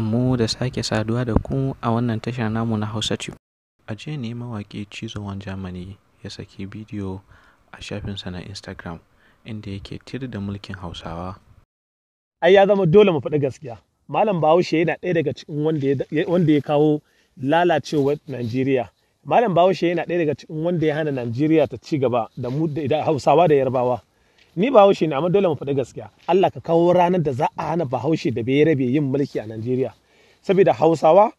mu da sake saduwa da ku a wannan tashar namu na Hausa Tube. A jiya ne mawaƙi wan Germany ya saki bidiyo a shafinsa na Instagram inda yake tir da mulkin Hausawa. Ai ya zama dole mu faɗi gaskiya. Malam Bahaushe yana ɗaya daga cikin wanda ya kawo lalacewar Najeriya. Malam Bahaushe yana ɗaya daga cikin wanda ya hana Najeriya ta ci gaba da da Hausawa da Yarbawa. ni bahaushe ne amma dole mu faɗi gaskiya Allah ka kawo ranar da za a hana bahaushe da bai rabe yin mulki a Najeriya saboda Hausawa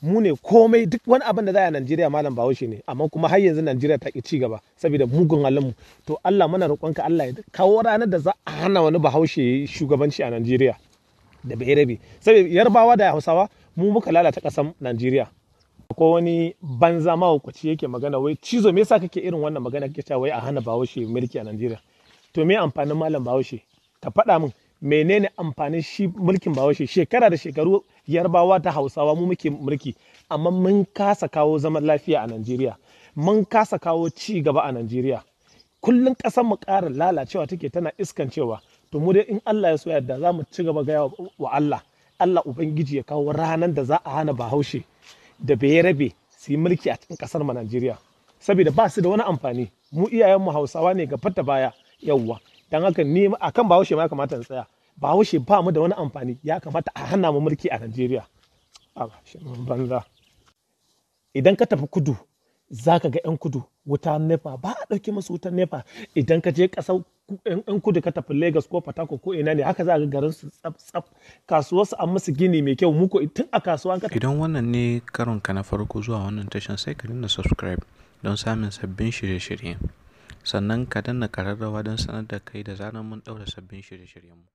mu ne komai duk wani abin da za a Najeriya malam bahaushe ne amma kuma har yanzu Najeriya ta ki ci gaba saboda mugun mu, to Allah muna roƙonka Allah ya kawo ranar da za a hana wani bahaushe shugabanci a Najeriya da bai rabe saboda yarbawa da Hausawa mu muka lalata ƙasar Najeriya ko wani banza mahaukaci yake magana wai cizo me yasa kake irin wannan magana kake cewa wai a hana bahaushe mulki a Najeriya to me amfanin malam bahaushe ka faɗa min menene amfanin shi mulkin bahaushe shekara da shekaru yarbawa ta hausawa mu muke mulki amma mun kasa kawo zaman lafiya a najeriya mun kasa kawo ci gaba a najeriya kullum ƙasar mu ƙara lalacewa take tana iskancewa to mu dai in allah ya so yadda za mu ci gaba gaya wa allah allah ubangiji ya kawo ranar da za a hana bahaushe da bai rabe su yi mulki a cikin ƙasar mu najeriya saboda ba su da wani amfani mu iyayenmu hausawa ne ga fata baya yawwa dan haka ni akan bahaushe ma ya kamata in tsaya bahaushe ba mu da wani amfani ya kamata a hana mu mulki a Najeriya banza idan ka tafi kudu za ka ga 'yan kudu wuta nepa ba a ɗauki musu wutan nepa idan ka je ƙasar 'yan kudu ka tafi lagos ko fatako ko ina ne haka za ga garin su tsaf tsaf kasuwar su an musu gini mai kyau muku tun a kasuwa ka idan wannan ne karon ka na farko zuwa wannan tashan sai ka dinna subscribe don samun sabbin shirye-shirye sannan ka danna ƙararrawa don sanar da kai da zarar mun ɗaura sabbin shirye-shiryenmu.